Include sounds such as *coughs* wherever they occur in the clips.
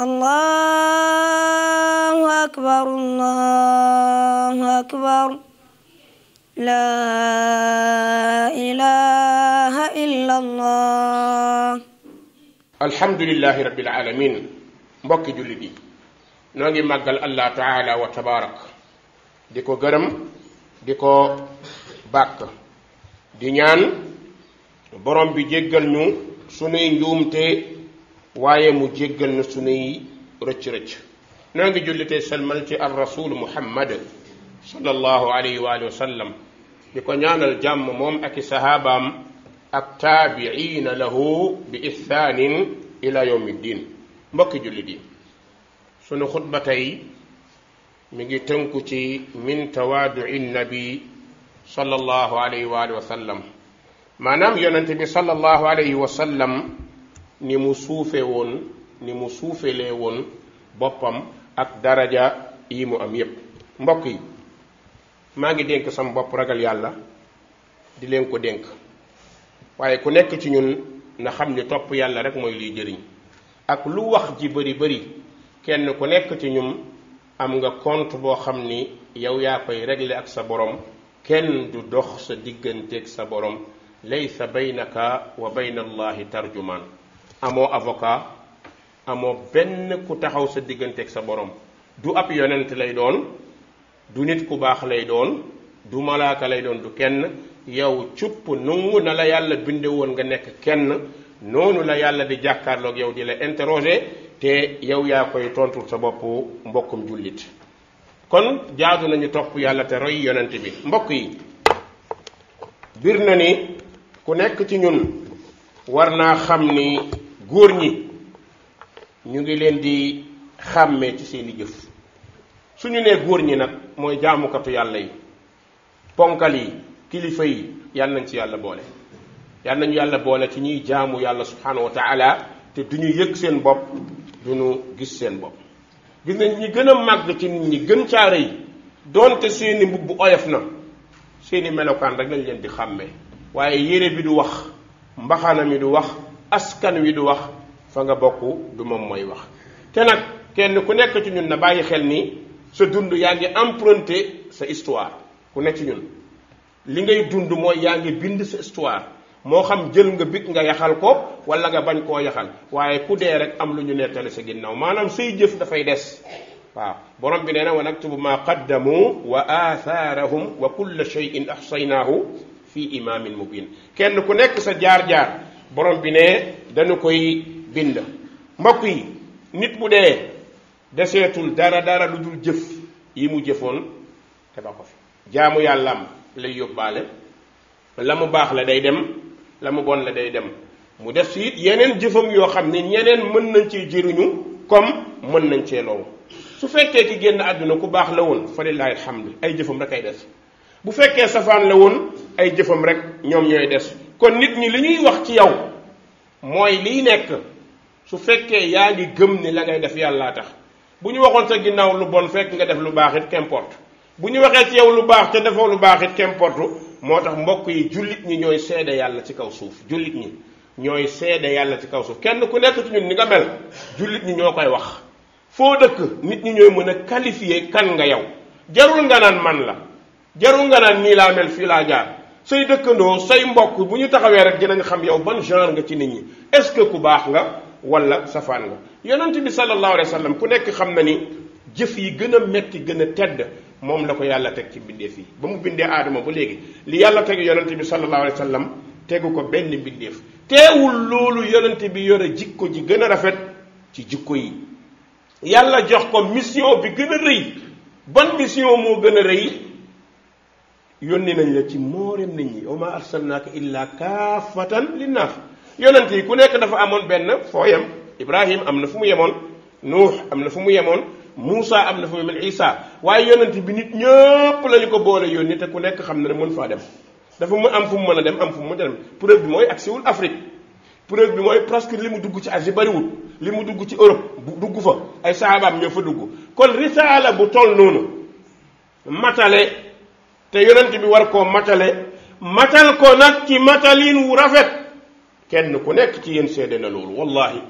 allahu akbar allahu akbar laa ilaaha illa allah alhamdulillahi rabbil alamin mbokki jullit yi noo ngi màggal allah taala wa tabaarak di ko gërëm di ko bàkk di ñaan borom bi jéggal ñu sunuy njuumte waaye mu jéggal na sunuy rëcc-rëcc noo ngi jullitee salmal ci ar rasul muhammad sallallahu alayhi wa sallam di ko ñaanal jàmm moom ak i sahaabaam ak taabiina lahu bi ihsaanin ila yawmi ddin mbokki jullit yi sunu xutba tey mi ngi tënku ci min tawaadu'i nabi sallallahu alayhi wa sallam maanaam yonente bi sallallahu alayhi wa ni mu suufe woon ni mu suufelee woon boppam ak daraja yi mu am yépp mbokk yi maa ngi dénk sama bopp ragal yàlla di leen ko dénk waaye ku nekk ci ñun na xam ni topp yàlla rek mooy liy jëriñ ak lu wax ji bari bari kenn ku nekk ci ñun am nga compte boo xam ni yow yaa koy regle ak sa borom kenn du dox sa digganteeg sa borom laysa baynaka wa bayna allahi tarjumaan amoo avocat amoo benn ku taxaw sa digganteeg sa borom du ab yonent lay doon du nit ku baax lay doon du malaaka lay doon du kenn yow cupp nungu na la yàlla binde woon nga nekk kenn noonu la yàlla di jàkkaarlook yow di la interroger te yow yaa koy tontul sa bopp mbokkum jullit kon jaadu nañu topp yàlla te roy yonent bi mbokk yi bir na ni ku nekk ci ñun war naa xam ni góor ñi ñu ngi leen di xàmmee ci seeni jëf suñu nee góor ñi nag mooy jaamukatu yàlla yi ponkal yi kilifa yi yàlla nañ ci yàlla boole yàlla nañu yàlla boole ci ñuy jaamu yàlla subhanahu wa taala te du ñu yëg seen bopp du ñu gis seen bopp gis nañ ñi gën a màgg ci ñi gën caare yi doonte seeni mbubb oyof na seeni melokaan rek lañ leen di xàmmee waaye yére bi du wax mbaxana mi du wax askan wi du wax fa nga bokk du moom mooy wax te nag kenn ku nekk ci ñun na bàyyi xel ni sa dund yaa ngi emprunté sa histoire ku nekk ci ñun li ngay dund mooy yaa ngi bind sa histoire moo xam jël nga big nga yaxal ko wala nga bañ koo yaxal waaye ku dee rek am lu ñu nettali sa ginnaaw maanaam say jëf dafay des waaw borom bi nee na wa naktubu maa qaddamu wa aathaarahum wa kulla shay'in ahsaynaahu fi imaamin mubin kenn ku nekk sa jaar-jaar borom bi ne dañu koy bind mbokk yi nit bu dee deseetul dara dara lu dul jëf yi mu jëfoon te ba ko fi jaamu yàllaam lay yóbbaale la mu baax la day dem la mu bon la day dem mu def ci yeneen jëfam yoo xam ne ñeneen mën nañ ci jiruñu comme mën nañ cee loolu su fekkee ki génn àdduna ku baax la woon fa lillahi alhamdu ay jëfam rek ay des bu fekkee safaan la woon ay jëfam rek ñoom ñooy des kon nit ñi li ñuy wax ci yow mooy liy nekk su fekkee yaa ngi gëm ni la ngay def yàllaa tax bu ñu waxoon sa ginnaaw lu bon fekk nga def lu baax it qu'importe bu ñu waxee ci yow lu baax ca defoo lu baax it qu'importe moo tax mbokk yi jullit ñi ñooy seede yàlla ci kaw suuf jullit ñi ñooy seede yàlla ci kaw suuf kenn ku nekk ci ñun ni nga mel jullit ñi ñoo koy wax foo dëkk nit ñi ñooy mën a qualifier kan nga yow jarul nga naan man la jarul nga naan nii laa fii laa jaar say dëkkandoo say mbokk bu ñu taxawee rek dinañ xam yow ban genre nga ci nit ñi est-ce que ku baax nga wala safaan nga yonent bi sallallahu alayhi wa sallam ku nekk xam na ni jëf yi gën a metti gën a tedd moom la ko yàlla teg ci bindeef yi ba mu bindee aadama ba léegi li yàlla teg yonent bi sallallahu alayhi wa sallam tegu ko benn bindeef teewul loolu yonent bi yore jikko ji gën a rafet ci jikko yi yàlla jox ko mission bi gën a rëy ban mission moo gën a rëy yónni nañ la ci mboolem nit ñi wa ma arsalnaaka illa kaafatan linnaas yonent yi ku nekk dafa amoon benn foo yem ibrahim am na fu mu yemoon nuux am na fu mu yemoon Moussa am na fu mu yemoon Isa waaye yonent bi nit ñëpp lañu ko boole yónni te ku nekk xam na ne mën faa dem dafa mu am fu mu mën a dem am fu mu mën a dem preuve bi mooy agsi wul Afrique preuve bi mooy presque li mu dugg ci Asie bariwul li mu dugg ci Europe bu dugg fa ay saabaam ñoo fa dugg kon risaala bu toll noonu matale te yonent bi war koo matale matal ko nag ci matalin wu rafet kenn ku nekk ci yéen seede na loolu wallahi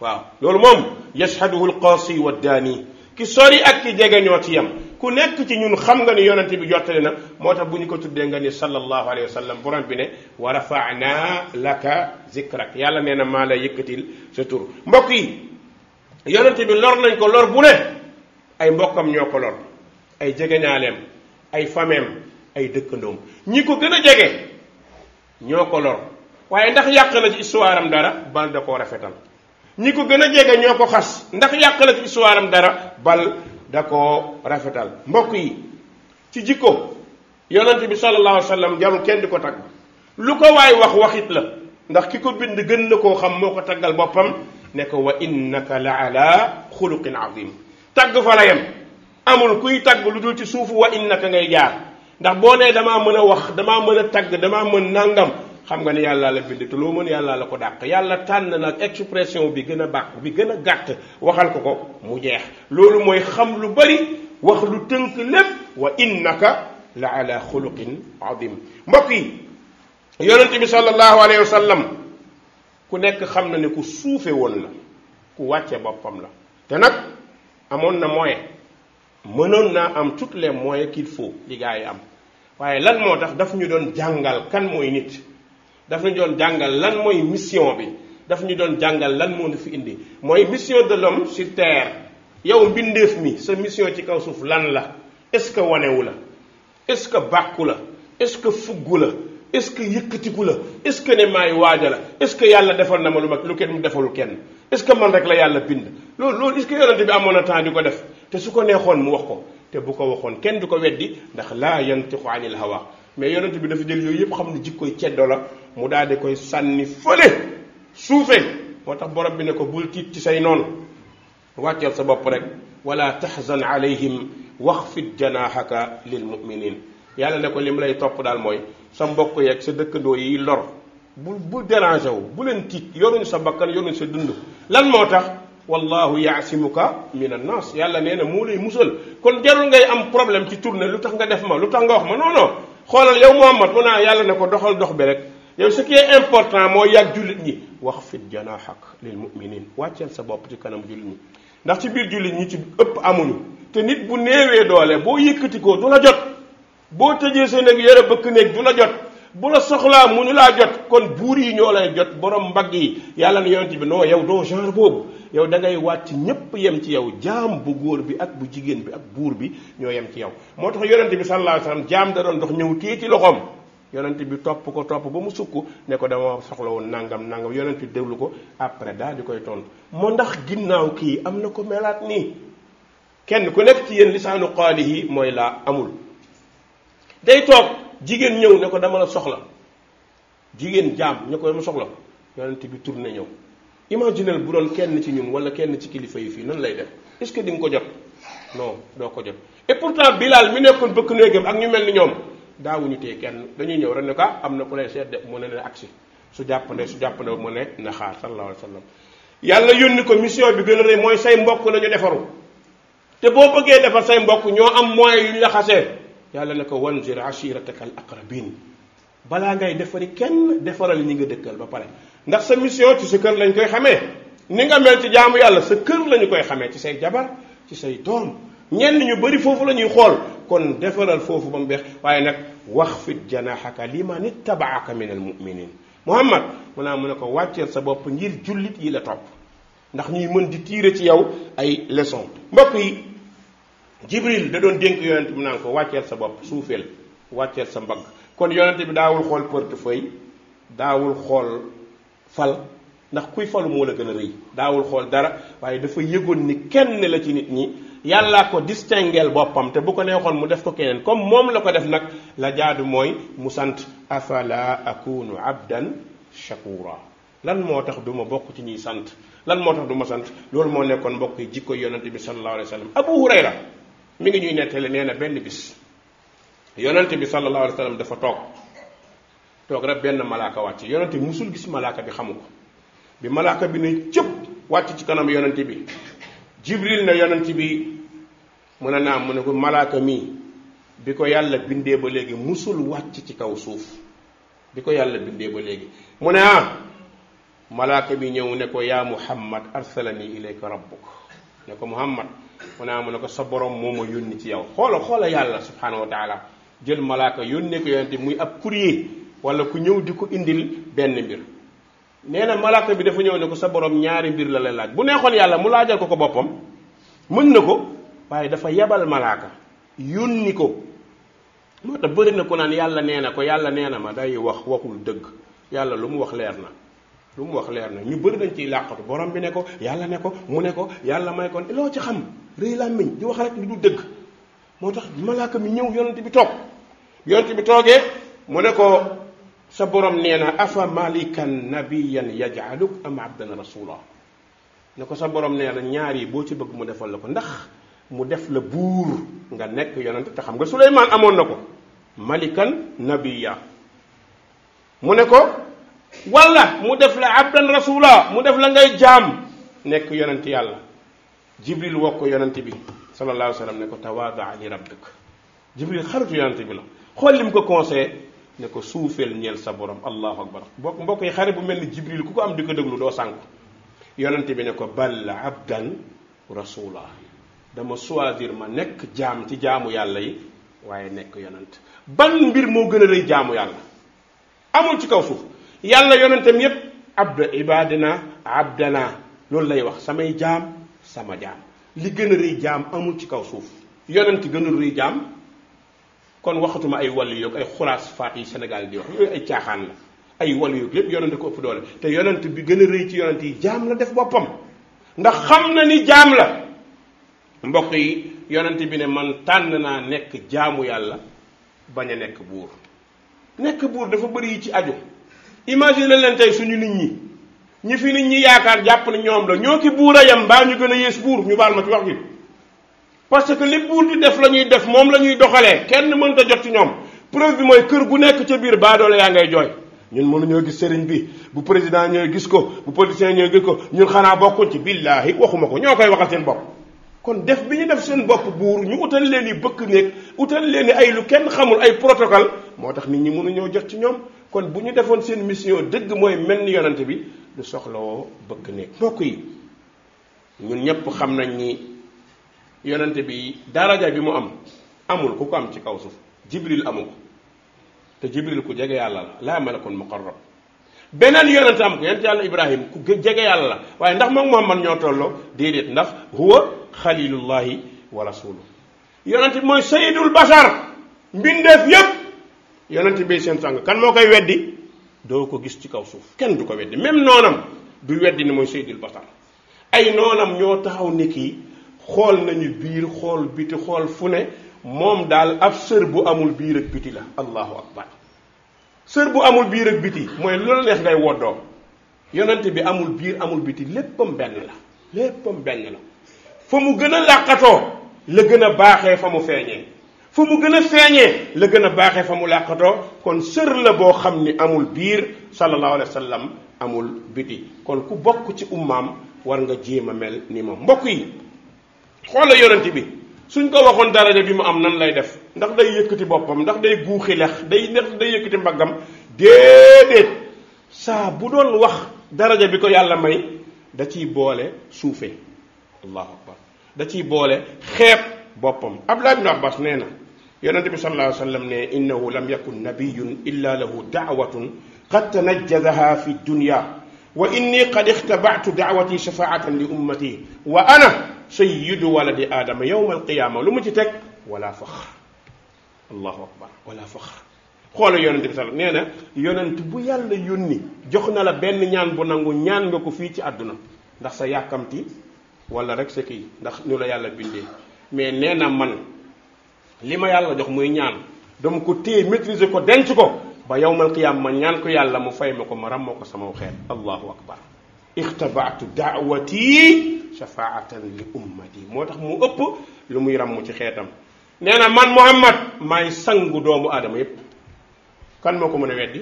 waaw loolu moom yashhaduhu alqaasi wa daani ki sori ak ki jege ñoo ci yam ku nekk ci ñun xam nga ni yonent bi jottali na moo tax bu ñu ko tuddee nga ni sallallahu alayhi wa sallam borom bi ne wa rafaana laka zikrak yàlla nee na maa la yëkkatil sa tur mbokk yi bi lor nañ ko lor bu ne ay mbokkam ñoo ko lor ay jegeñaaleem ay fameem ay dëkkandoom ñi ko gën a jege ñoo ko lor waaye ndax yàq na ci histoire dara bal da koo rafetal ñi ko gën a jege ñoo ko xas ndax yàq na ci histoire dara bal da koo rafetal mbokk yi ci jikko yonent bi sallallahu alayhi wa sallam jarul kenn di ko tagg lu ko waay wax waxit la ndax ki ko bind gën na koo xam moo ko taggal boppam ne ko wa innaka la ala xuluqin azim tagg fa la yem amul kuy tagg lu dul ci suufu wa innaka ngay jaar ndax boo nee damaa mën a wax damaa mën a tagg damaa mën nangam xam nga ne yàlla la bind te loo mën yàlla la ko dàq yàlla tànn nag expression bi gën a bàq bi gën a gàtt waxal ko ko mu jeex loolu mooy xam lu bari wax lu tënk lépp wa innaka la ala xuluqin adim mbokk yi yonente bi sallallahu alayhi wa sallam ku nekk xam na ne ku suufe woon la ku wàcce boppam la te nag amoon na moyen mënoon naa am toutes les moyens qu'il faut li gars yi am waaye lan moo tax daf ñu doon jàngal kan mooy nit daf ñu doon jàngal lan mooy mission bi daf ñu doon jàngal lan moo ñu fi indi mooy mission de l'homme sur terre yow mbindeef mi sa mission ci kaw suuf lan la est-ce que wanewu la est-ce que bàkku la est-ce que fuggu la est-ce que yëkkatiku la est-ce que ne maay waaja la est-ce que yàlla defal na ma lu mag lu kenn mu defalu kenn est-ce que man rek la yàlla bind loolu loolu est-ce que bi amoon na temps di ko def te su ko neexoon mu wax ko te bu ko waxoon kenn du ko weddi ndax laa yantiqu anil hawa mais yonent bi dafa jël yooyu yëpp xam ne jikkoy mu daal di koy sànni fële suufee moo tax borom bi ne ko bul tiit ci say noonu wàcceel sa bopp rek wala tahzan alayhim waxfid janaahaka lil muminin yàlla ne ko lim lay topp daal mooy sa mbokk yeeg sa dëkkandoo yi lor bul bul wu bu leen tiit yoruñ sa bakkan sa dund lan moo tax wallahu yaasimuka min an nas yàlla nee na moo lay musal kon jarul ngay am problème ci tournée lu tax nga def ma lu tax nga wax ma non non xoolal yow Muhammad mu naa ah, yàlla ne ko doxal dox bi rek yow ce qui est important mooy yàgg jullit ñi wax fit janaahak lil muminin wàcceel sa bopp ci kanam jullit ñi ndax ci biir jullit ñi ci ëpp amuñu te nit bu néewee doole boo yëkkati yëkkatikoo du la jot boo tëjee sa néeg yore bëkk néeg du la jot bu la soxlaa mu ñu laa jot kon buur yi ñoo lay jot borom mbag yi yàlla na yonent bi noo yow doo genre boobu yow dangay waat ci ñépp yem ci yow jaam bu góor bi ak bu jigéen bi ak buur bi ñoo yem ci yow moo tax yonent bi sallallahu jaam da doon ñëw téye ci loxoom yonent bi topp ko topp ba mu sukk ne ko dama soxla woon nangam nangam yonent bi déglu ko après daal di koy tontu moo ndax ginnaaw kii am na ko melaat nii kenn ku nekk ci yéen lisaanu qaalihi mooy laa amul day toog jigéen ñëw ne ko dama la soxla jigéen jaam ne ko dama soxla yonent bi tourné ñëw imaginel bu doon kenn ci ñun wala kenn ci kilifa yi fii nan lay def est-ce que di ko jot non doo ko jot et pourtant Bilal mi nekkoon bëkk néegam ak ñu mel ni ñoom daawuñu tee kenn dañuy ñëw rek ne ko ah, am na ku lay seet de mu ne ne agsi su jàppande su jàppande mu ne na xaar sallallahu alayhi wa sallam yàlla yónni ko mission bi gën a rëy mooy say mbokk nañu defaru te boo bëggee defar say mbokk ñoo am moyens yu ñu la yàlla na ko wanzir ashiratakal aqrabin balaa ngay defari kenn defaral ñi nga dëkkal ba pare ndax sa mission ci sa kër lañ koy xamee ni nga mel ci jaamu yàlla sa kër lañu koy xamee ci say jabar ci say doom ñenn ñu bari foofu la ñuy xool kon defaral foofu ba mu beex waaye nag wax fit janaxaka ma ittabaaka min al muminin muhammad mu naa ah, mu ne ko wàcceel sa bopp ngir jullit yi la topp ndax ñuy mën di tiire ci yow ay leçon mbokk yi jibril da doon dénk yonent bi naan ko wàcceel sa bopp suufeel wàcceel sa mbagg kon yonent bi daawul xool portefeuille daawul xool fal ndax kuy falu moo la gën a rëy daawul xool dara waaye dafa yëgoon ni kenn la ci nit ñi yàllaa ko distingueel boppam te bu ko neexoon mu def ko keneen comme moom la ko def nag la jaadu mooy mu sant afala akunu abdan shakura lan moo tax du ma bokk ci ñuy sant lan moo tax du ma sant loolu moo nekkoon mbokk yi jikko yonente bi sallallahu alayhi wa sallam mi ngi ñuy nettali nee na benn bis yonante bi sallallahu alayhi wa dafa toog toog rek benn malaaka wàcc yonante bi musul gis malaaka bi xamu ko bi malaaka bi ne cëpp wàcc ci kanam yonante bi jibril na yonante bi mun a naam mu ne ko malaaka mi bi ko yàlla bindee ba léegi musul wàcc ci kaw suuf bi ko yàlla bindee ba léegi mu ne ah malaaka bi ñëw ne ko yaa muhammad arsalani ilayka rabbuk ne ko muhammad mu ne ah, mu ne ko sa borom moo ma yónni ci yow xoola xoola yàlla subhanahu wa taala jël malaaka yónnee muy ab courrier wala ku ñëw di ko indil benn mbir nee na malaaka bi dafa ñëw ne ko sa borom ñaari mbir la laaj bu neexoon yàlla mu laajal ko ko boppam na ko waaye dafa yebal malaaka yónni ko moo bëri na ko naan yàlla nee na ko yàlla nee na ma day wax waxul dëgg yàlla lu mu wax leer na lu mu wax leer na ñu bëri nañ ciy làqatu borom bi ne ko yàlla ne ko mu ne ko yàlla may kon loo ci xam rëy làmmiñ di wax rek lu du dëgg moo tax malaaka mi ñëw yonent bi toog yonent bi toogee mu ne ko sa borom nee na afa malikan nabiyan yajaluk am abdan rasula ne ko sa borom nee na ñaar boo ci bëgg mu defal la ko ndax mu def la buur nga nekk yonent te xam nga suleymaan amoon na ko malikan nabiya mu ne ko walla mu def la abdan rasula mu def la ngay jaam nekk yonent yàlla jibril wokk ko bi sallallahu alayhi wa sallam ne ko tawaadaa li rabbik jibril xaritu yonent bi la xool lim ko conseillé ne ko suufeel ñeel sa borom allahu akbar mbokk mbokk yi xarit bu mel ni jibril ku ko am di ko déglu doo sànku yonent bi ne ko bal abdan rasula dama choisir ma nekk jaam ci jaamu yàlla yi waaye nekk yonent ban mbir moo gën a rëy jaamu yàlla amul ci kaw suuf yàlla yonentam yépp abda ibadina abdana loolu lay wax samay jaam sama jaam li gën a rëy jaam amul ci kaw suuf yonent gën a rëy jaam kon waxatuma ay wàllu yoog ay xulaas faat yi Sénégal di wax yooyu ay caaxaan la ay wàllu yoog lépp yonent ko ëpp doole te yonent bi gën a rëy ci yonent yi jaam la def boppam ndax xam na ni jaam la mbokk yi yonent bi ne man tànn naa nekk jaamu yàlla bañ a nekk buur nekk buur dafa bari yi ci aju imagine leen tey suñu nit ñi ñi fi nit ñi yaakaar jàpp na ñoom la ñoo ki buur a yem baa ñu gën a yées buur ñu baal ma ci wax ji parce que li buur di def la ñuy def moom la ñuy doxalee kenn mënta jot ci ñoom preuve bi mooy kër gu nekk ca biir baadoole yaa ngay jooy ñun mënuñoo gis sëriñ bi bu président ñooy gis ko bu politicien ñooy gis ko ñun xanaa bokkuñ ci billaahi waxuma ko ñoo koy waxal seen bopp kon def bi ñu def seen bopp buur ñu utal leen yi bëkk néeg utal leen i ay lu kenn xamul ay protocole moo tax nit ñi mënuñoo jot ci ñoom kon bu ñu defoon seen mission dëgg mooy mel ni yonante bi lu soxlawoo bëkk néeg mbokk yi ñun ñépp xam nañ ni yonent bi daraja bi mu am amul ku ko am ci kaw suuf jibril amu ko te jibril ku jege yàlla la laa malakun muqarrab beneen yonent am ko yonent yàlla ibrahim ku jege yàlla la waaye ndax moom moom man ñoo tolloo déedéet ndax huwa xalilullahi wa rasulu yonent bi mooy sayidul basar mbindeef yépp yonent bi seen sang kan moo koy weddi doo ko gis ci kaw suuf kenn du ko weddi même noonam du weddi ni mooy seydil basar ay noonam ñoo taxaw ni kii xool nañu biir xool biti xool fu ne moom daal ab sër bu amul biir ak biti la allahu akbar sër bu amul biir ak biti mooy lu la neex ngay woddoo yonent bi amul biir amul biti léppam benn la léppam benn la fa mu gën a làqatoo la gën a baaxee fa mu feeñee fa mu gën a feeñee la gën a baaxe fa mu làqatoo kon sër la boo xam ni amul biir sallallahu alayhi wa sallam amul biti kon ku bokk ci ummaam war nga jéem a mel ni moom mbokk yi xoola yonent bi suñ ko waxoon daraja bi mu am nan lay def ndax day yëkkati boppam ndax day guuxi lex day ndax day yëkkati mbaggam déedéet saa bu doon wax daraja bi ko yàlla may da ciy boole suufee allahu akbar da ciy boole xeeb boppam ab Abdullah ibn Abbas nee na yonente bi sallallahu alayhi wa sallam ne innahu lam yakun nabiyun illa lahu daawatun qad tanajjadaha fi dunya wa inni qad ixtabatu daawati shafaatan li ummati wa ana sayyidu waladi aadama yowma alqiyaama lu mu ci teg wala faxr allahu akbar wala faxr xoolal yonent bi sallallahu nee na yonent bu yàlla yónni jox na la benn ñaan bu nangu ñaan nga ko fii ci àdduna ndax sa yàkkamti wala rek sa kii ndax ñu la yàlla bindee mais nee na man li ma yàlla jox muy ñaan dama ko téye maîtriser ko denc ko ba yowmal qiyaam ma ñaan ko yàlla mu fay ma ko ma ràmmoo ko sama xeet allahu akbar ixtabaatu daawati shafaatan li ummati moo tax mu ëpp lu muy ram mu ci xeetam nee na man muhammad maay sangu doomu aadama yépp kan moo ko mën a weddi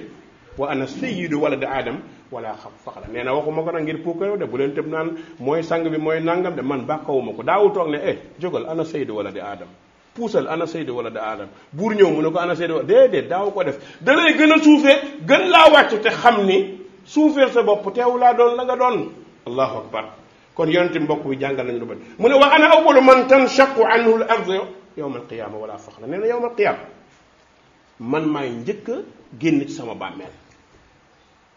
wa ana sayyidu walad aadam wala xam faxla nee na waxuma ko nag ngir puukarew de bu leen tëb naan mooy sang bi mooy nangam de man bàkkawuma ko daawu toog ne eh jógal ana sayyidu walad aadam puusal ana Seydou wala da aadam buur ñëw mu ne ko ana Seydou wala déedéet daaw ko def da lay gën a suufee gën laa wàcc te xam ni suufeel sa bopp teew laa doon la nga doon allahu akbar kon yonente mbokk bi jàngal nañ lu bari mu ne wa ana awalu man an anhu l ard yowma alqiyama wala la nee na yowma alqiyama man maay njëkk a génn ci sama bàmmeel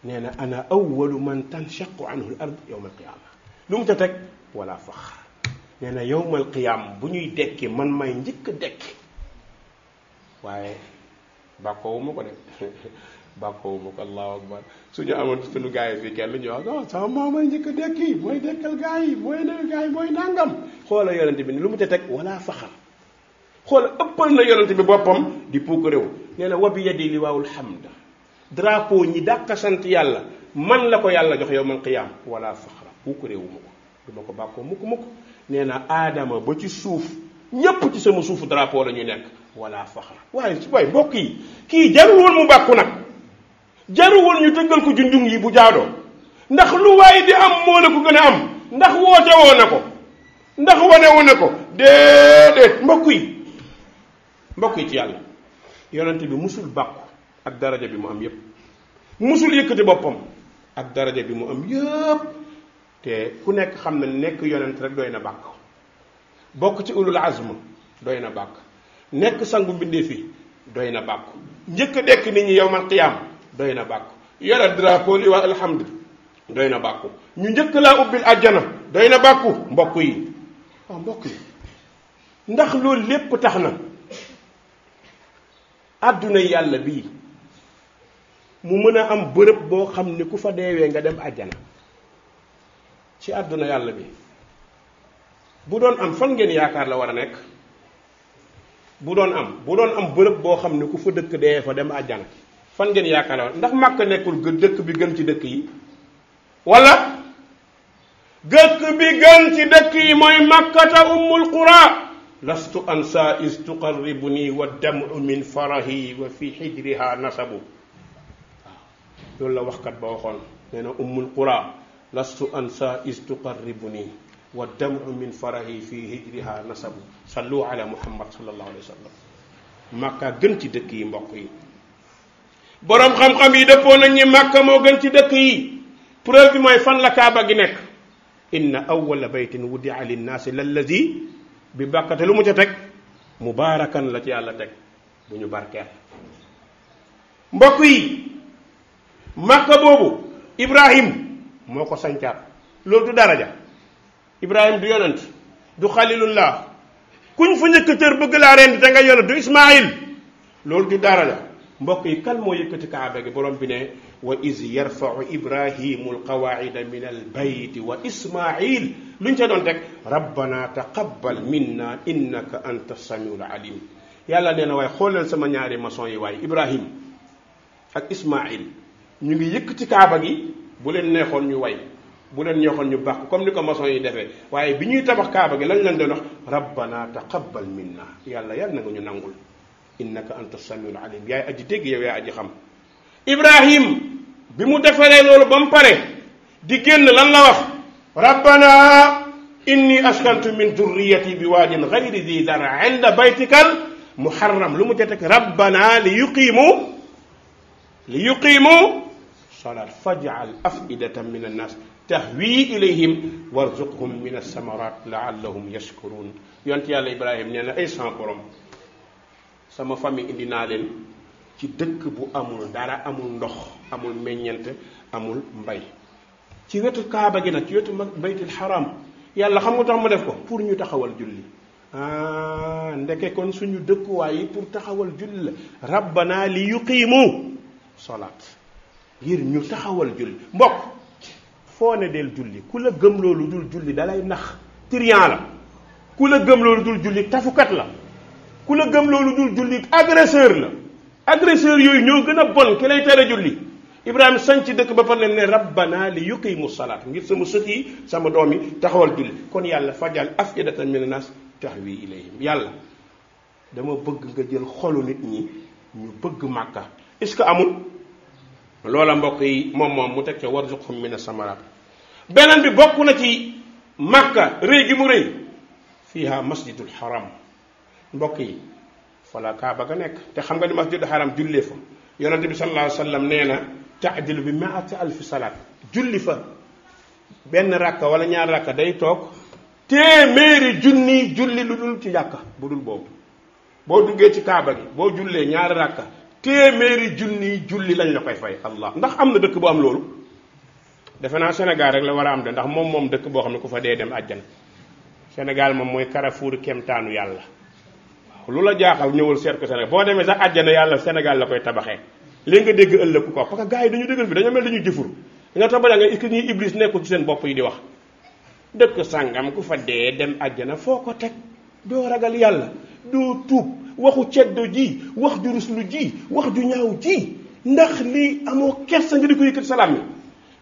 nee na ana awalu man tanshaqu anhu l ard yowma alqiyama lu mu ca teg wala fax nee na yowmal qiyaam bu ñuy dekki man may njëkk dekki waaye bàkkoowuma ko de *laughs* bàkkoowuma ko allahu akbar suñu amoon suñu gars yi fii kenn ñu wax ah sama may njëkk dekki mooy dekkal gars yi mooy na gars mooy nangam xoola yonent bi ni lu mu te teg wala faxar xoola ëppal na yonent bi boppam di puuk réew nee na wabi yadi liwaawul hamd ñi dàq sant yàlla man la ko yàlla jox yowmal qiyaam wala faxra puuk ko du ko bàkkoo mukk mukk nee na aadama ba ci suuf ñépp ci sama suufu drapeau la ñu nekk wala faxra waaye su mbokk yi kii jaruwoon mu bàkku nag jaruwoon ñu tëggal ko junjung yi bu jaaloo ndax lu waaye di am moo la ko gën a am ndax woote woo na ko ndax wane woo na ko déedéet mbokk yi mbokk yi ci yàlla yonent bi musul bàkku ak daraja bi mu am yépp musul yëkkati boppam ak daraja bi mu am yépp te ku nekk xam na nekk yonent rek doy na bàkk bokk ci ulul azm doy na bàkk nekk sangu mbindeef fi doy na bàkk njëkk a dekk nit yow yowmal qiyaam doy na bàkk yore drapeau li waa alhamdu doy na bàkku ñu njëkk laa ubbil àjjana doy na bàkku mbokk yi waaw mbokk yi ndax loolu lépp tax na àdduna yàlla bii mu mën a am bërëb boo xam ni ku fa deewee nga dem àjjana ci àdduna yàlla bi bu doon am fan ngeen yaakaar la war a nekk bu doon am bu doon am bërëb boo xam ne ku fa dëkk dee fa dem àjjana fan ngeen yaakaar la war ndax màkk nekkul dëkk bi gën ci dëkk yi wala dëkk bi gën ci dëkk yi mooy màkkata ummul qura lastu ansa is tuqarribu nii wa damu min farahi wa fi xijriha nasabu loolu la waxkat ba waxoon nee na ummul qura lastu ansa is tuqarribuni wa damu min farahi fi hijriha nasabu sallu ala muhammad sallallahu alayhi sallam màkkaa gën ci dëkk yi mbokk yi boroom xam-xam yi dëppoo nañ ci dëkk yi preuve bi mooy fan la kaaba gi nekk inna awwala baytin wudia la lallazi bi bàkkate lu mu ca teg mubaarakan la ci yàlla teg bu ñu barkeel mbokk yi màkka boobu ibrahim moo ko sancaat loolu du daraja ibrahim du yonent du xalilullah kuñ fa njëkk tër bëgg laa rendi te nga yonent du ismail loolu du daraja mbokk yi kan moo yëkkati kaaba gi borom bi ne wa is yarfau ibrahimu alqawaida min albayti wa ismail luñ ca doon teg rabbana taqabbal minna innaka anta samiul alim yàlla nee na waaye xoolal sama ñaari maçon yi waaye ibrahim ak ismail ñu ngi yëkkati kaaba gi bu leen neexoon ñu way bu leen neexoon ñu bàkk comme ni ko maçon yi defee waaye bi ñuy tabax kaaba gi lañ leen doon wax rabbana taqabbal minna yàlla yàlla na nga ñu nangul innaka anta samiul alim yaay aji dégg yow yaay aji xam ibrahim bi mu defaree loolu ba mu pare di génn lan la wax rabbana inni askantu min durriyati bi waadin gayri di dara inda baytikal muharram lu mu ca teg rabbana li yuqiimu li yuqiimu salaat fajal afidatan min annaas tahwi ilayhim warzuqhum min alsamarat laallahum yashkurun yont yàlla ibrahim nee na ay sans borom sama famille indi naa leen ci dëkk bu amul dara amul ndox amul meññent amul mbay ci wetu kaaba gi nag ci wetu baytul haram yàlla xam nga tax mu def ko pour ñu taxawal julli ah ndeke kon suñu dëkkuwaay yi pour taxawal julli la rabbana li yuqiimu salaat ngir ñu taxawal julli mbokk foo ne del julli ku la gëm loo lu dul julli dalay nax trian la ku la gëm loolu dul julli tafukat la ku la gëm loo lu dul julli agresseur la agresseur yooyu ñoo gën a bon ki lay tere julli ibrahima sanc dëkk ba par leen ne rabbana li yuqimu salaat ngir sama sët yi sama doom yi taxawal julli kon yàlla fajal afidatan min tax wi ilayhim yàlla dama bëgg nga jël xolu nit ñi ñu bëgg màkka est-ce que amul loola mbokk yi moom moom mu teg ca warzuqhum mina samaraat beneen bi bokk na ci makka rëy gi mu rëy fiiha masjidul haram mbokk yi fa la kaaba ga nekk te xam nga ni masjidul haram jullee fa yonente bi sallallahu alayhi wa sallam nee na taadilu bi salaat julli fa benn rakka wala ñaar rakka day toog téeméeri junni julli lu dul ci jàkka bu dul boobu boo duggee ci kaaba gi boo jullee ñaari rakka téeméeri junni julli lañ la koy fay allah ndax am na dëkk boo am loolu defe naa senegal rek la war a am de ndax moom moom dëkk boo xam ne ku fa dee dem àjjana Sénégal moom mooy Carrefour kemtaanu yàlla lu la jaaxal ñëwal seet ko Sénégal boo demee sax àjjana yàlla Sénégal la koy tabaxee léegi nga dégg ëllëg ko parce que gars yi dañu dëggal bi dañoo mel dañu jëfur nga ba da nga est-ce que ñuy ci seen bopp yi di wax dëkk sàngam ku fa dee dem àjjana foo ko teg doo ragal yàlla doo tuub waxu ceddo ji wax ju ruslu ji wax ju ñaaw ji ndax li amoo kersa nga di ko yëkkati salaam yi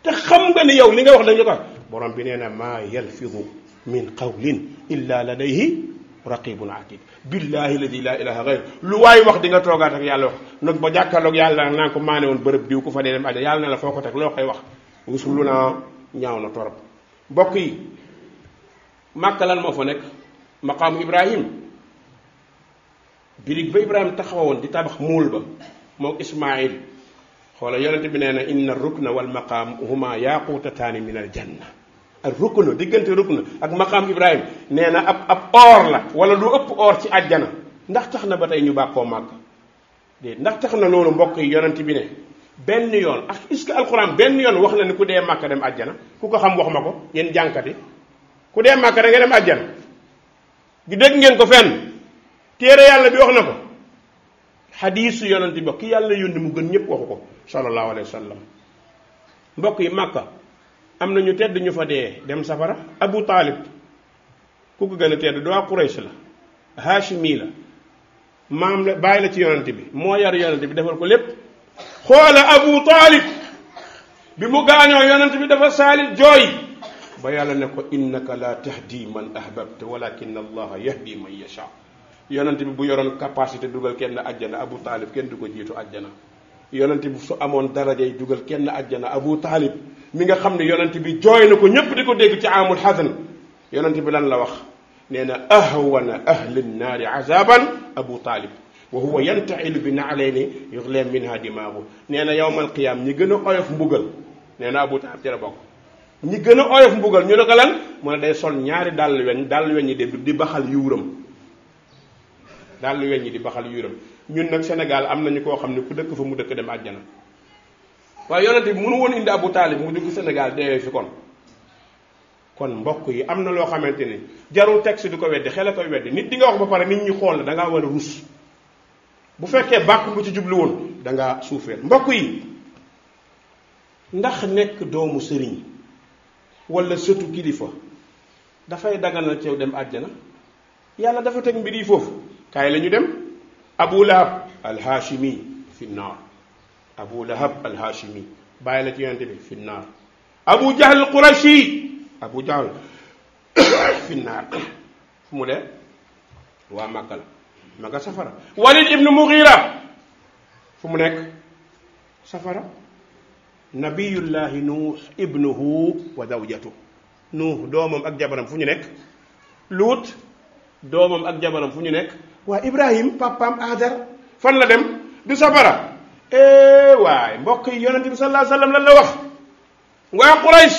te xam nga ni yow li nga wax lañ la ko wax borom bi nee na maa yalfidu min qawlin illa ladayhi raqibun atid billahi ladi la ilaha gayr lu waaye wax di nga toogaat ak yàlla wax nag ba jàkkaarloog yàlla naan ko maane woon bërëb diw ko fa dee dem aja yàlla na la foo ko teg loo koy wax ruslu naa ñaaw na torop mbokk yi màkka lan moo fa nekk maqaamu ibrahim birig ba taxawa woon di tabax muul ba moo ismail xoola yonente bi nee na inna na wal maqaam huma yaaqutataani min al janna ak rukna diggante rukna ak maqaam ibrahima nee na ab ab or la wala lu ëpp oor ci àjjana ndax tax na ba tey ñu bàkkoo màgg déet ndax tax na loolu mbokk yi yonente bi ne benn yoon ak est-ce que alxuraan benn yoon wax na ni ku dee màkk dem àjjana ku ko xam wax ma ko yéen jànkati ku dee màkk da nga dem àjjana gi dégg ngeen ko fenn téere yàlla bi wax na ko xadiisu yonent bi ki yàlla yónni mu gën ñëpp waxu ko sallallahu alayhi wa sallam mbokk yi màkka am na ñu tedd ñu fa dee dem safara abu taalib ku ko gën a tedd doo Quraysh la haashimi la maam la bàyyi la ci yonent bi moo yar yonent bi defal ko lépp xoola abu taalib bi mu gaañoo yonent bi dafa saalit jooy ba yàlla ne ko innaka la tahdi man ahbabta walakin allaha yahdi man yasha yonent bi bu yoroon capacité dugal kenn ajjana abu taalib kenn du ko jiitu ajjana yonent bi su amoon daraja yi dugal kenn ajjana abu taalib mi nga xam ne yonent bi jooy na ko ñépp di ko dégg ci amul xasan yonent bi lan la wax nee na ahwana ahli nnaari azaban abu taalib wa huwa yantaxilu bi naalayni yuxleem minha dimaahu nee na yowmal qiyaam ñi gën a oyof mbugal nee na abu taalib ci la ñi gën a oyof mbugal ñu ne ko lan mu ne day sol ñaari dàll weñ dàll weñ yi de di baxal yuuram daal lu weñ ñi di baxal yuuram ñun nag Sénégal am nañu koo xam ne ku dëkk fa mu dëkk dem àjjana waaye yonente bi mënu woon indi Abu Taalib mu dugg Sénégal deewee fi kon kon mbokk yi am na loo xamante ni jarul texte du ko weddi xel a koy weddi nit di nga wax ba pare nit ñi xool la da ngaa war a rus bu fekkee bàkk bu ci jublu woon da ngaa suufeel mbokk yi ndax nekk doomu sëriñ wala sëtu kilifa dafay daganal ceew dem àjjana yàlla dafa teg mbir yi foofu kaay la ñu dem abu lahab alhaashimi fi naar abu lahab alhaashimi bàyyi la ci yonente bi fi naar abu jahl qurashi abu jahl *coughs* fi naar *coughs* fu mu dee waa Makka la ma nga safara walid ibnu mughira fu mu nekk safara nabiyullahi nuux ibnuhu wa zawjatu nuux doomam ak jabaram fu ñu nekk luut doomam ak jabaram fu ñu nekk waa Ibrahim papaam Aadar fan la dem du safara eh waaye mbokk yi yonente bi sallallahu alayhi wasallam lan la wax waa Quraysh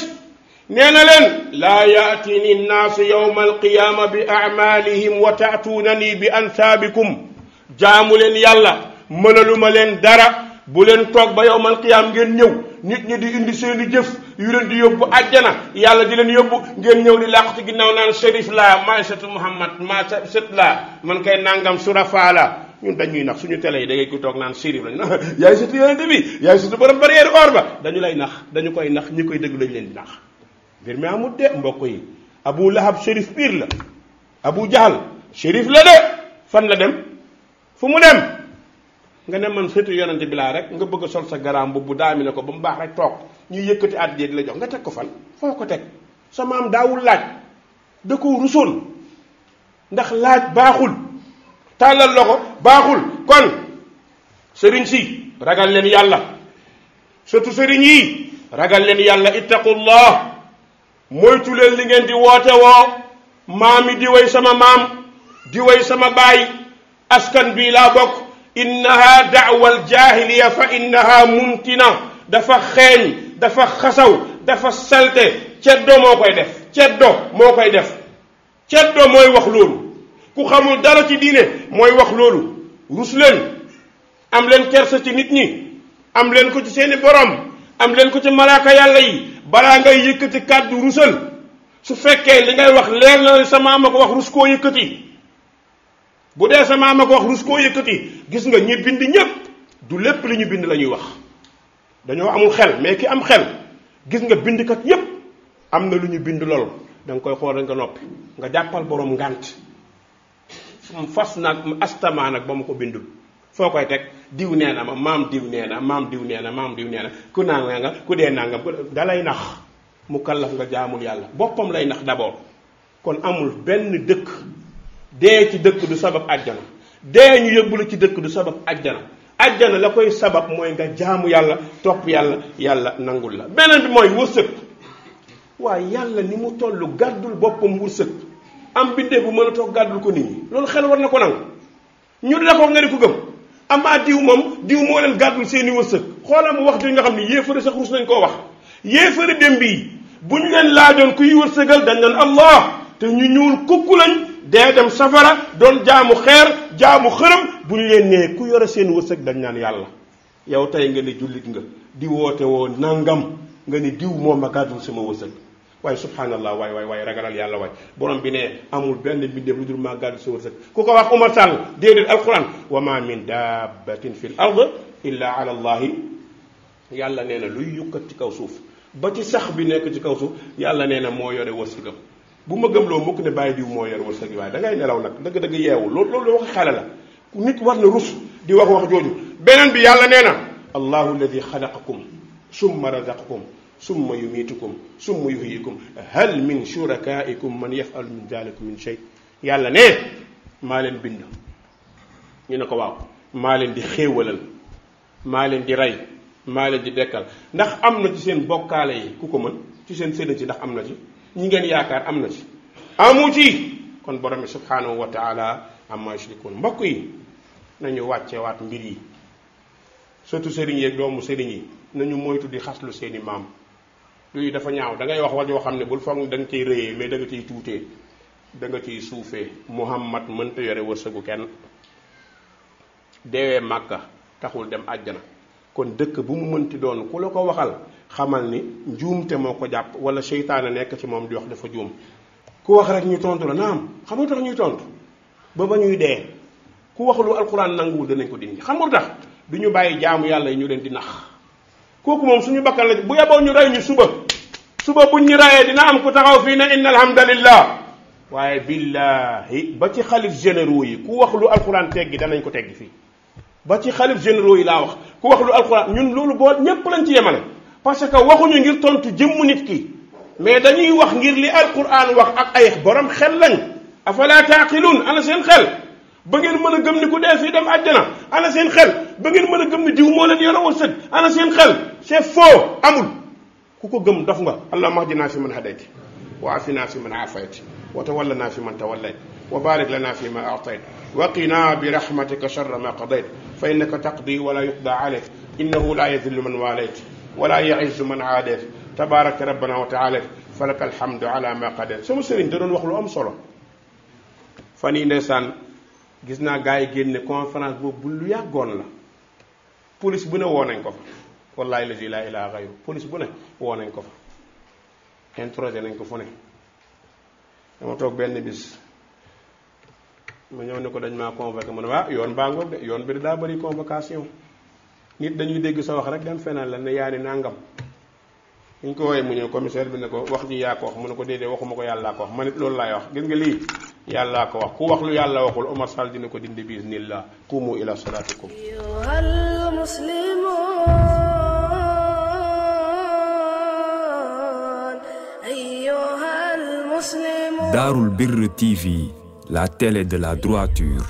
nee na leen laa yaatini nnaasu yowma alqiyaama bi amalihim wa taatuunani bi ansaabikum jaamu leen yàlla mënaluma leen dara bu leen toog ba yowma alqiyaama ngeen ñëw nit ñi di indi di jëf yu leen di yóbbu àjjana yàlla di leen yóbbu ngeen ñëw di làqu ci ginnaaw naan shérif laa maay setu Muhammad maa set laa man kay nangam surafa la ñun dañuy nax suñu télé yi da ngay toog naan shérif lañu *laughs* yaay setu yonente bi yaay setu borom barrière or ba dañu lay nax dañu koy nax ñi koy déglu dañu leen di nax mbir mi amul de mbokk yi Abu Lahab shérif piir la Abu jaal shérif la de fan la dem fu mu dem nga ne man sëtu yonante bi rek nga bëgg a sol sa garaam bu daami la ko ba mu baax rek toog ñuy yëkkati at di la jox nga teg ko fan foo ko teg sama am daawul laaj da ko rusoon ndax laaj baaxul tàllal loxo baaxul kon sëriñ si ragal leen yàlla surtout sëriñ yi ragal leen yàlla ittaqullah moytu leen li ngeen di woote woo maam yi di sama maam di sama baay askan bii laa bokk innaha daawal jaahiliya fa innaha mumtina dafa xeeñ dafa xasaw dafa salte ceddo moo koy def ceddo moo koy def ceddo mooy wax loolu ku xamul dara ci diine mooy wax loolu rus leen am leen kersa ci nit ñi am leen ko ci seeni borom am leen ko ci malaaka yàlla yi balaa ngay yëkkati kàddu rusal su fekkee li ngay wax leer na sama ama ko wax rus koo yëkkati bu dee sa maam a ko wax rus koo yëkkati gis nga ñi bind ñépp du lépp li ñu bind la ñuy wax dañoo amul xel mais ki am xel gis nga bindkat ñépp am na lu ñu bind lool da koy xool rek nga noppi nga jàppal borom ngànt fas nag astamaa nag ba mu ko bindu foo koy teg diw nee na ma maam diw nee na maam diw nee na maam diw nee na ku naa nga ku dee naa nga dalay nax mu kallaf nga jaamul yàlla boppam lay nax d'abord kon amul benn dëkk dee ci dëkk du sabab ajjana dee ñu yóbbu la ci dëkk du sabab ajjana ajjana la koy sabab mooy nga jaamu yàlla topp yàlla yàlla nangul la beneen bi mooy wërsëg waaye yàlla ni mu toll gàddul boppam wërsëg am biddee bu mën a toog gàddul ko nit ñi loolu xel war na ko nangu ñu ne ko nga di ko gëm amaa diw moom diw moo leen gàddul seeni wërsëg xoolal mu wax jooju nga xam ne yéefare sax rus nañ koo wax yéefare dem bii bu ñu leen laajoon kuy wërsëgal dañ naan allah te ñu ñuul kukku dee dem safara doon jaamu xeer jaamu xërëm bu ñu leen nee ku yore seen wërsëg dañ naan yàlla yow tey nga ne jullit nga di woote woo nangam nga ne diw moom a gàddul sama wërsëg waaye subhanallah waay waay waay ragalal yàlla waay borom bi ne amul benn mbindeef lu dul maa gàddul sa wërsëg ku ko wax Umar Sall déedéet alquran wa ma min dabbatin fi l ard illa ala allahi yàlla nee na luy yukkat ci kaw suuf ba ci sax bi nekk ci kaw suuf yàlla nee na moo yore wërsëgam bu ma gëmloo mukk ne bàyyi diw moo yor wërsëg yi waaye da ngay nelaw nag dëgg-dëgg yeewu loolu loolu wax xale la nit war na rus di wax wax jooju beneen bi yàlla nee na allahu alladi xalaqakum suma razaqakum summa yumiitukum summa yuhyikum hal min shurakaikum man yafalu min dalikum min shay yàlla ne maa leen bind ñu ne ko waaw maa leen di xéewalal maa leen di rey maa leen di dekkal ndax am na ci seen bokkaale yi ku ko mën ci seen séddati ndax am na ñi ngeen yaakaar am na ci amu ci kon borom bi subhanahu wa taala amma yushrikun mbokk yi nañu wàccewaat mbir yi surtout sëriñ yeeg doomu sëriñ yi nañu moytu di xaslu seeni maam luy dafa ñaaw da ngay wax wax yoo xam ne bul foog ne da ciy rëyee mais da nga ciy tuutee da nga ciy suufee muhammad mënta yore wërsëgu kenn deewee màkka taxul dem àjjana kon dëkk bu mu mënti doon ku la ko waxal xamal ni njuumte moo ko jàpp wala seytaane nekk ci moom di wax dafa juum ku wax rek ñu tontu la naam xam nga tax ñuy tontu ba ba ñuy dee ku wax lu alxuraan nanguwul danañ ko dindi xam nga tax du ñu bàyyi jaamu yàlla yi ñu leen di nax kooku moom suñu bakkan la bu yeboo ñu rey ñu suba suba buñ ñu rayee dina am ku taxaw fii ne inna alhamdulillah waaye billahi ba ci xalif généraux yi ku wax lu alxuraan teggi danañ ko teggi fii ba ci xalif généraux yi laa wax ku wax lu alxuraan ñun loolu boo ñépp lañ ci yemale parce que waxuñu ngir tontu jëmm nit ki mais dañuy wax ngir li alquran wax ak ay borom xel lañ afala taaqiluun ana seen xel ba ngeen mën a gëm ni ku dee fii dem àjjana ana seen xel ba ngeen mën a gëm ni diw moo leen yore woon sëg ana seen xel c'est faux amul ku ko gëm dof nga allahumma ahdinaa fi man hadayt wa afinaa fi man aafayt wa tawallanaa fi man tawallayt wa barik lanaa fi ma aatayt wa qinaa bi rahmatika sharra ma qadayt fa innaka taqdi wa la yuqda alayk innahu la yadillu man waalayt wala yaizu man aadeet tabaraka rabbana wa taala falaka alhamdu ala ma qadeet sama sëriñ da doon wax lu am solo fan yi ndeysaan gis naa gars yi génne conférence boobu bu lu yàggoon la police bu ne woo nañ ko fa wallahi lazi laa ilaaha xayru police bu ne woo nañ ko fa interrogé nañ ko fu ne dama toog benn bis ma ñëw ne ko dañ maa convoqué mu ne waa ah, yoon baa ngoog de yoon bi daa bëri convocation nit dañuy dégg sa wax rek dem fenal la ne yaa ni nàngam ñu ko wooyee mu ñëw commissaire bi ne ko wax ji yaa ko wax mu ne ko déedéet waxuma ko yàllaa ko wax man it loolu laay wax gis nga lii yàllaa ko wax ku wax lu yàlla waxul Omar Sall dina ko dindi biis nii la qumu ila salaatikum Darul Birr TV, la télé de la droiture.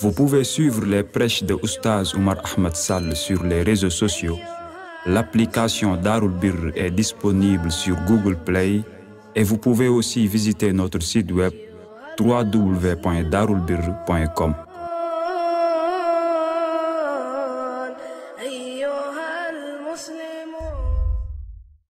Vous pouvez suivre les prêches de Oustaz Oumar Ahmed Sall sur les réseaux sociaux. L'application Darul Birr est disponible sur Google Play et vous pouvez aussi visiter notre site web www.darulbirr.com.